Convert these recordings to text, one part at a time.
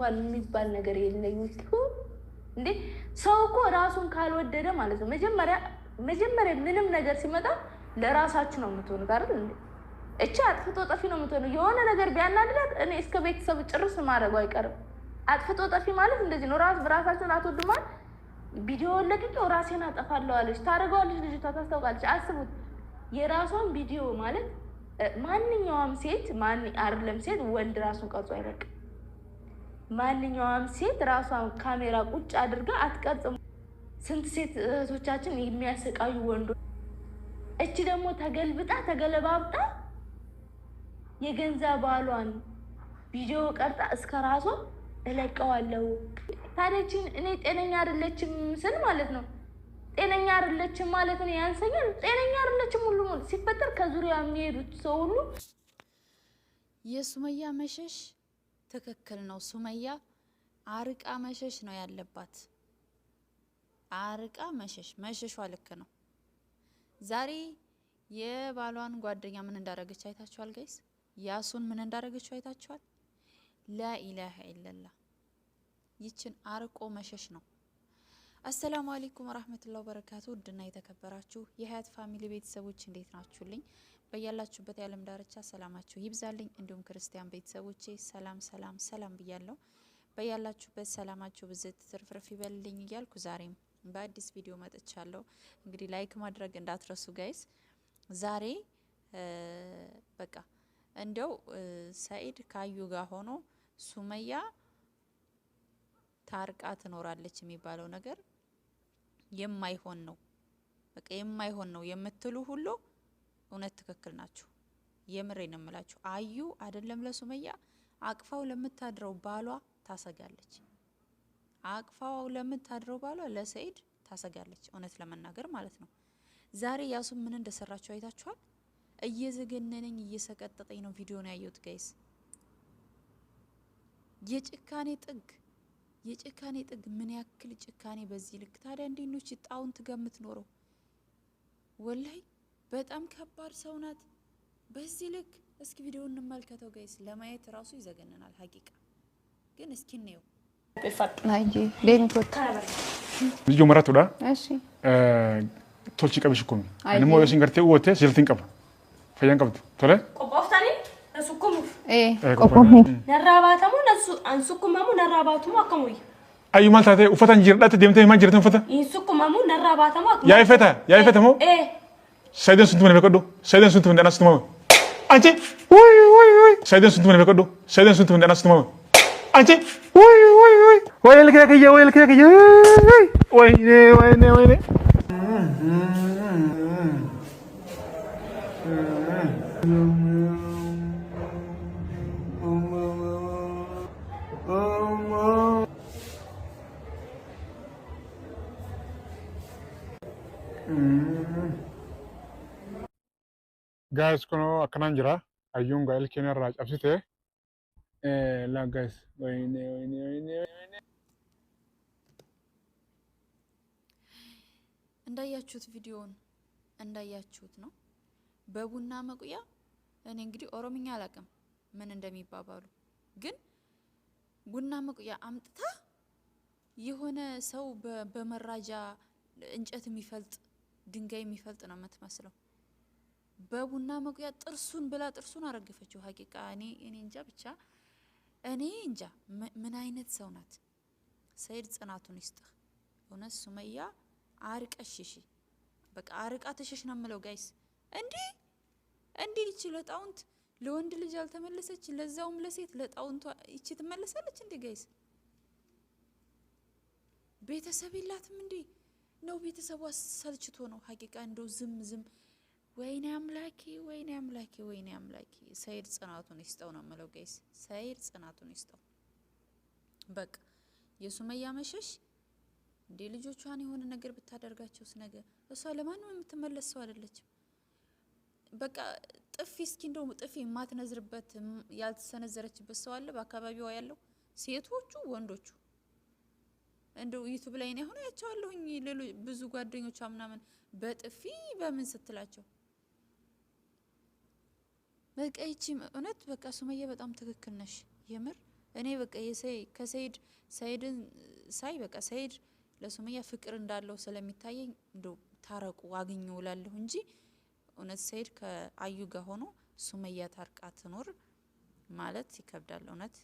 እንኳን የሚባል ነገር የለኝም። እንዴ ሰው እኮ ራሱን ካልወደደ ማለት ነው መጀመሪያ መጀመሪያ ምንም ነገር ሲመጣ ለራሳችሁ ነው የምትሆኑት አይደል እንዴ? እቺ አጥፍቶ ጠፊ ነው የምትሆነው። የሆነ ነገር ቢያናድዳት እኔ እስከ ቤተሰብ ጭርስ ማድረጉ አይቀርም። አጥፍቶ ጠፊ ማለት እንደዚህ ነው። ራሳችሁን አትወዱማል። ቪዲዮ ለቅቄው ራሴን አጠፋለዋለች ታደርገዋለች፣ ልጅቷ ታስታውቃለች። አስቡት የራሷን ቪዲዮ ማለት ማንኛውም ሴት ማን አይደለም ሴት ወንድ ራሱን ቀርጾ አይበቅም። ማንኛውም ሴት ራሷን ካሜራ ቁጭ አድርጋ አትቀርጽም። ስንት ሴት እህቶቻችን የሚያሰቃዩ ወንዶች። እቺ ደግሞ ተገልብጣ ተገለባብጣ የገንዘብ ባሏን ቪዲዮ ቀርጣ እስከ ራሷ እለቀዋለሁ። ታዲያችን እኔ ጤነኛ አይደለችም ስል ማለት ነው ጤነኛ አይደለችም ማለት ነው ያንሰኛል። ጤነኛ አይደለችም ሁሉ ሲፈጠር ከዙሪያ የሚሄዱት ሰው ሁሉ የሱመያ መሸሽ ትክክል ነው። ሱመያ አርቃ መሸሽ ነው ያለባት። አርቃ መሸሽ መሸሿ ልክ ነው። ዛሬ የባሏን ጓደኛ ምን እንዳረገች አይታችኋል ጋይስ? ያሱን ምን እንዳረገችው አይታችኋል? ላኢላሀ ኢለላ ይችን አርቆ መሸሽ ነው። አሰላሙ አለይኩም ወራህመቱላሂ ወበረካቱ። ውድና የተከበራችሁ የሀያት ፋሚሊ ቤተሰቦች እንዴት ናችሁልኝ? በያላችሁበት የዓለም ዳርቻ ሰላማችሁ ይብዛልኝ። እንዲሁም ክርስቲያን ቤተሰቦቼ ሰላም ሰላም ሰላም ብያለሁ። በያላችሁበት ሰላማችሁ ብዝት ትርፍርፍ ይበልልኝ እያልኩ ዛሬም በአዲስ ቪዲዮ መጥቻለሁ። እንግዲህ ላይክ ማድረግ እንዳትረሱ ጋይስ። ዛሬ በቃ እንደው ሰኢድ ካዩ ጋር ሆኖ ሱመያ ታርቃ ትኖራለች የሚባለው ነገር የማይሆን ነው። በቃ የማይሆን ነው የምትሉ ሁሉ እውነት ትክክል ናችሁ። የምሬ ነው የምላችሁ። አዩ አይደለም ለሱመያ አቅፋው ለምታድረው ባሏ ታሰጋለች። አቅፋው ለምታድረው ባሏ ለሰይድ ታሰጋለች። እውነት ለመናገር ማለት ነው። ዛሬ ያሱ ምን እንደሰራችሁ አይታችኋል። እየዘገነነኝ እየሰቀጠጠኝ ነው ቪዲዮን ያየሁት ጋይስ። የጭካኔ ጥግ የጭካኔ ጥግ ምን ያክል ጭካኔ በዚህ ልክ ታዲያ እንዴት ነው ጣውን ትገምት ኖረው ወላይ በጣም ከባድ ሰው ናት። በዚህ ልክ እስኪ ቪዲዮ እንመልከተው ጋይስ። ለማየት ራሱ ይዘገንናል ሀቂቃ። ግን እስኪ እንየው። ልጆ መራት ዳ ቶልቺ ቀብሽ ነው ንሞ ሲንገርቴ ወቴ ሲልቲን ቀብ ፈያን ቀብት ቶለ ነራባተሙ ነራባቱሙ አዩ ማልታቴ ኡፈታን ጅርዳት ደምቴ ማን ጅርትን ፈታ ኢንሱኩመሙ ነራባተሙ አከሙይ ሰይድን ስንት ምን የሚቀዱ ሰይድን ስንት እንደና ስትመመ አንቺ ወይ ወይ ወይ ሰይድን ስንት ምን የሚቀዱ ሰይድን ስንት እንደና ስትመመ አንቺ ወይ ወይ ወይ ወይ ልክለክየ ወይ ልክለክየ ወይ ወይ ወይ ወይ guys kunoo akkanaan jira hayyuun gaa'el keenya irraa cabsite eh, laa guys wayne wayne እንዳያችሁት ቪዲዮውን እንዳያችሁት ነው በቡና መቁያ። እኔ እንግዲህ ኦሮምኛ አላውቅም ምን እንደሚባባሉ ግን ቡና መቁያ አምጥታ የሆነ ሰው በመራጃ እንጨት የሚፈልጥ ድንጋይ የሚፈልጥ ነው የምትመስለው። በቡና መቁያ ጥርሱን ብላ ጥርሱን አረገፈችው። ሀቂቃ እኔ እኔ እንጃ ብቻ እኔ እንጃ ምን አይነት ሰው ናት። ሰይድ ጽናቱን ይስጥህ። እውነት ሱመያ አርቀሽ በቃ አርቃ ተሸሽ ነው የምለው ጋይስ። እንዲህ እንዲህ ይቺ ለጣውንት ለወንድ ልጅ አልተመለሰች፣ ለዛውም ለሴት ለጣውንቷ ይቺ ትመለሳለች እንዴ ጋይስ? ቤተሰብ የላትም እንዴ ነው? ቤተሰቧ ሰልችቶ ነው ሀቂቃ እንደው ዝም ዝም ወይኔ አምላኬ፣ ወይኔ አምላኬ፣ ወይኔ አምላኬ። ሰይድ ጽናቱን ይስጠው ነው የምለው ጋይስ። ሰይድ ጽናቱን ይስጠው። በቃ የሱመያ መሸሽ እንዴ ልጆቿን የሆነ ነገር ብታደርጋቸውስ ነገ እሷ ለማንም የምትመለስ ሰው አይደለችም። በቃ ጥፊ እስኪ እንደው ጥፊ የማትነዝርበት ያልተሰነዘረችበት ሰው አለ በአካባቢዋ ያለው ሴቶቹ፣ ወንዶቹ እንደው ዩቱብ ላይ ነው ያሁን ያቸዋለሁኝ ብዙ ጓደኞቿ ምናምን በጥፊ በምን ስትላቸው በቃ ይቺ እውነት በቃ ሱመያ በጣም ትክክል ነሽ። የምር እኔ በቃ ከሰይድ ሰይድን ሳይ በቃ ሰይድ ለሱመያ ፍቅር እንዳለው ስለሚታየኝ እንዶ ታረቁ አግኙ እላለሁ እንጂ እውነት ሰይድ ከአዩ ጋር ሆኖ ሱመያ ታርቃ ትኖር ማለት ይከብዳል። እውነት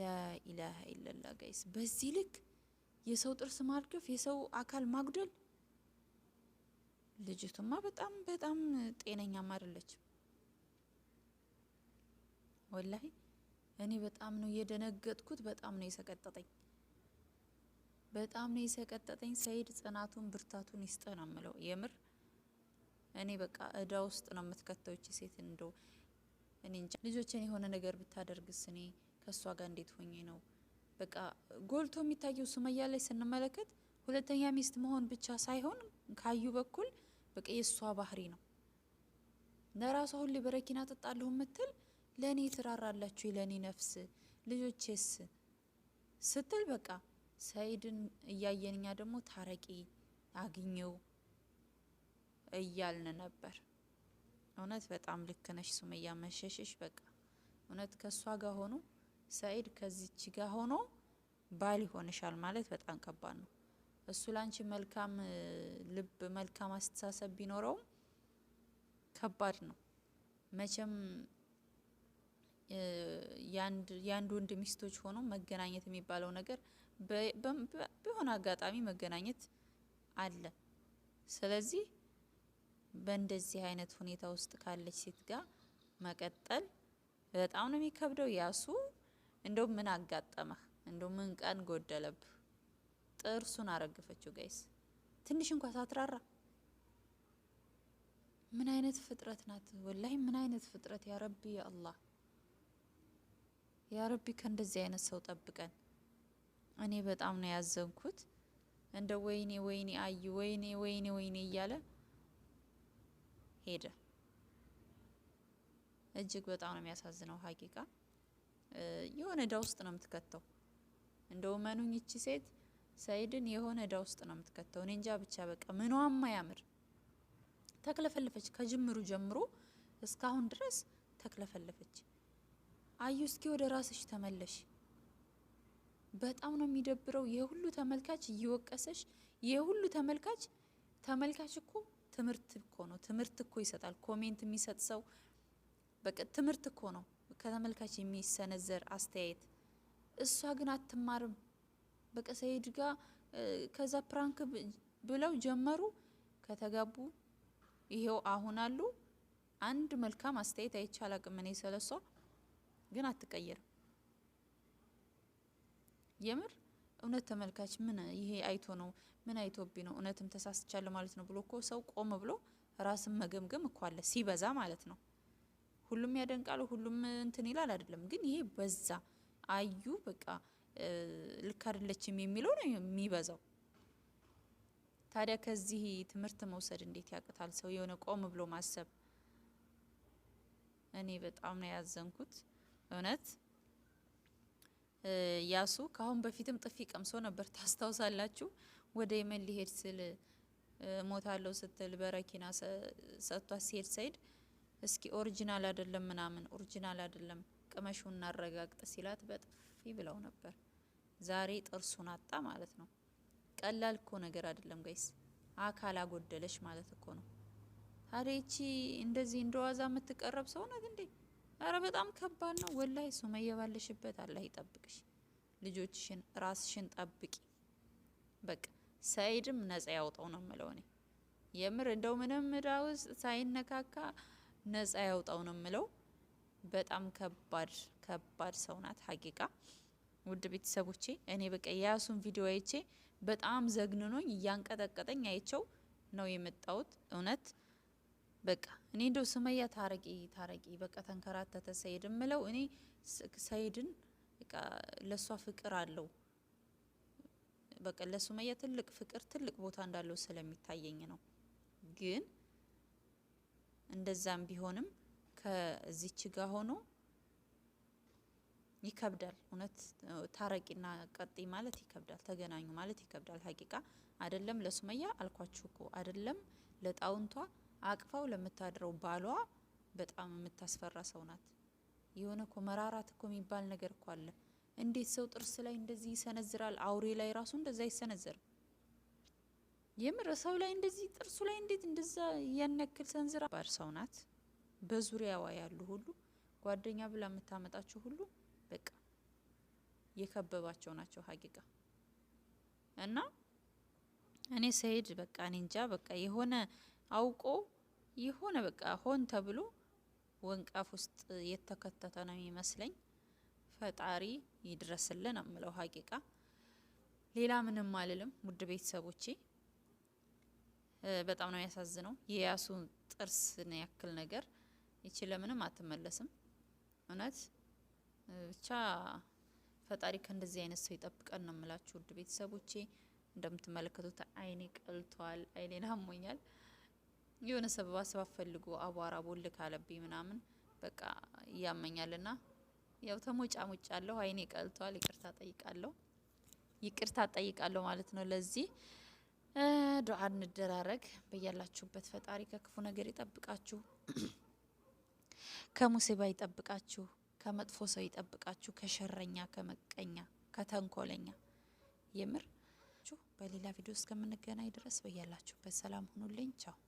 ላኢላሀ ኢለላ ጋይስ፣ በዚህ ልክ የሰው ጥርስ ማርገፍ፣ የሰው አካል ማጉደል ልጅቱማ በጣም በጣም ጤነኛም አይደለችም። ወላሂ እኔ በጣም ነው የደነገጥኩት። በጣም ነው የሰቀጠጠኝ። በጣም ነው የሰቀጠጠኝ። ሰይድ ጽናቱን ብርታቱን ይስጥ ነው ምለው። የምር እኔ በቃ እዳ ውስጥ ነው እቺ ሴት። እንዶ እኔ እንጃ ልጆችን የሆነ ነገር ብታደርግስ እኔ ከእሷ ጋር እንዴት ሆኜ ነው በቃ ጎልቶ የሚታየው ሱመያ ላይ ስንመለከት ሁለተኛ ሚስት መሆን ብቻ ሳይሆን ካዩ በኩል በቃ የእሷ ባህሪ ነው ለራሷ ሁሌ በረኪና ጠጣለሁ የምትል ለእኔ ትራራላችሁ ለእኔ ነፍስ ልጆቼስ ስትል በቃ ሰይድን እያየንኛ ደግሞ ታረቂ አግኘው እያልን ነበር። እውነት በጣም ልክ ነሽ ሱመያ መሸሸሽ። በቃ እውነት ከእሷ ጋር ሆኖ ሰይድ ከዚች ጋር ሆኖ ባል ይሆንሻል ማለት በጣም ከባድ ነው። እሱ ላንቺ መልካም ልብ፣ መልካም አስተሳሰብ ቢኖረውም ከባድ ነው መቼም የአንድ ወንድ ሚስቶች ሆኖ መገናኘት የሚባለው ነገር በሆነ አጋጣሚ መገናኘት አለ። ስለዚህ በእንደዚህ አይነት ሁኔታ ውስጥ ካለች ሴት ጋር መቀጠል በጣም ነው የሚከብደው። ያሱ እንደው ምን አጋጠመህ? እንደው ምን ቀን ጎደለብ? ጥርሱን አረገፈችው። ጋይስ፣ ትንሽ እንኳ ሳትራራ። ምን አይነት ፍጥረት ናት? ወላይ ምን አይነት ፍጥረት! ያረቢ አላህ ያ ረቢ ከእንደዚህ አይነት ሰው ጠብቀን። እኔ በጣም ነው ያዘንኩት። እንደ ወይኔ ወይኔ አዩ ወይኔ ወይኔ ወይኔ እያለ ሄደ። እጅግ በጣም ነው የሚያሳዝነው። ሀቂቃ የሆነ እዳ ውስጥ ነው የምትከተው። እንደ መኑኝ ይቺ ሴት ሰይድን የሆነ እዳ ውስጥ ነው የምትከተው። እኔ እንጃ ብቻ በቃ ምኗም አያምር ተክለፈለፈች። ከጅምሩ ጀምሮ እስካሁን ድረስ ተክለፈለፈች። አዩ እስኪ ወደ ራስሽ ተመለሽ። በጣም ነው የሚደብረው። የሁሉ ተመልካች እየወቀሰሽ፣ የሁሉ ተመልካች ተመልካች እኮ ትምህርት እኮ ነው። ትምህርት እኮ ይሰጣል። ኮሜንት የሚሰጥ ሰው በቃ ትምህርት እኮ ነው፣ ከተመልካች የሚሰነዘር አስተያየት። እሷ ግን አትማርም። በቃ ሰይድ ጋ ከዛ ፕራንክ ብለው ጀመሩ። ከተጋቡ ይሄው አሁን አሉ። አንድ መልካም አስተያየት አይቻል አቅም እኔ ስለሷ ግን አትቀየርም። የምር እውነት ተመልካች ምን ይሄ አይቶ ነው ምን አይቶቢ ነው እውነትም ተሳስቻለሁ ማለት ነው ብሎ እኮ ሰው ቆም ብሎ ራስን መገምገም እኮ አለ ሲበዛ ማለት ነው። ሁሉም ያደንቃል፣ ሁሉም እንትን ይላል አይደለም። ግን ይሄ በዛ አዩ በቃ ልክ አይደለችም የሚለው ነው የሚበዛው። ታዲያ ከዚህ ትምህርት መውሰድ እንዴት ያቅታል? ሰው የሆነ ቆም ብሎ ማሰብ። እኔ በጣም ነው ያዘንኩት። እውነት ያሱ ከአሁን በፊትም ጥፊ ቀምሶ ነበር ታስታውሳላችሁ። ወደ የመን ሊሄድ ስል ሞታለው ስትል በረኪና ሰጥቷ ሲሄድ ሰይድ እስኪ ኦሪጂናል አይደለም ምናምን ኦሪጂናል አይደለም ቅመሹን እናረጋግጥ ሲላት በጥፊ ብለው ነበር። ዛሬ ጥርሱን አጣ ማለት ነው። ቀላል እኮ ነገር አይደለም ጋይስ፣ አካል አጎደለሽ ማለት እኮ ነው። ታዲያ ይቺ እንደዚህ እንደዋዛ የምትቀረብ ሰው ናት እንዴ? አረ በጣም ከባድ ነው ወላይ ሱመያ ባለሽበት አላህ ይጠብቅሽ፣ ልጆችሽን ራስሽን ጠብቂ። በቃ ሰይድም ነጻ ያውጣው ነው የምለው እኔ የምር እንደው ምንም እዳ ውስጥ ሳይነካካ ነጻ ያውጣው ነው የምለው። በጣም ከባድ ከባድ ሰው ናት ሀቂቃ። ውድ ቤተሰቦቼ እኔ በቃ የያሱን ቪዲዮ አይቼ በጣም ዘግንኖኝ እያንቀጠቀጠኝ አይቸው ነው የመጣሁት እውነት በቃ እኔ እንደው ስመያ ታረቂ ታረቂ በቃ ተንከራተተ ሰይድ ምለው እኔ ሰይድን በቃ ለሷ ፍቅር አለው በቃ ለሱመያ ትልቅ ፍቅር ትልቅ ቦታ እንዳለው ስለሚታየኝ ነው። ግን እንደዛም ቢሆንም ከዚች ጋር ሆኖ ይከብዳል። እውነት ታረቂና ቀጤ ማለት ይከብዳል። ተገናኙ ማለት ይከብዳል። ሀቂቃ አይደለም ለሱመያ አልኳችሁ እኮ አይደለም ለጣውንቷ አቅፋው ለምታድረው ባሏ በጣም የምታስፈራ ሰው ናት። የሆነ ኮ መራራት እኮ የሚባል ነገር እኮ አለ። እንዴት ሰው ጥርስ ላይ እንደዚህ ይሰነዝራል? አውሬ ላይ ራሱ እንደዛ አይሰነዘርም። የምር ሰው ላይ እንደዚህ ጥርሱ ላይ እንዴት እንደዛ እያነክል ሰንዝራ ባር ሰው ናት። በዙሪያዋ ያሉ ሁሉ ጓደኛ ብላ የምታመጣቸው ሁሉ በቃ የከበባቸው ናቸው ሀቂቃ እና እኔ ሰይድ በቃ እኔ እንጃ በቃ የሆነ አውቆ የሆነ በቃ ሆን ተብሎ ወንቃፍ ውስጥ የተከተተ ነው የሚመስለኝ። ፈጣሪ ይድረስልን የምለው ሀቂቃ ሌላ ምንም አልልም። ውድ ቤተሰቦቼ በጣም ነው ያሳዝነው። የያሱን ጥርስን ያክል ነገር ይቺ ለምንም አትመለስም። እውነት ብቻ ፈጣሪ ከእንደዚህ አይነት ሰው ይጠብቀን ነው የምላችሁ ውድ ቤተሰቦቼ። እንደምትመለከቱት አይኔ ቀልቷል፣ አይኔን አሞኛል። የሆነ ሰበብ አስባብ ፈልጎ አቧራ ቦል ካለብኝ ምናምን በቃ እያመኛልና ያው ተሞጫ ሙጫ አለሁ። አይኔ ቀልቷል። ይቅርታ ጠይቃለሁ፣ ይቅርታ ጠይቃለሁ ማለት ነው። ለዚህ ዱዓ እንደራረግ። በያላችሁበት ፈጣሪ ከክፉ ነገር ይጠብቃችሁ፣ ከሙሲባ ይጠብቃችሁ፣ ከመጥፎ ሰው ይጠብቃችሁ፣ ከሸረኛ፣ ከመቀኛ፣ ከተንኮለኛ የምር በሌላ ቪዲዮ እስከምንገናኝ ድረስ በያላችሁበት ሰላም ሁኑልኝ። ቻው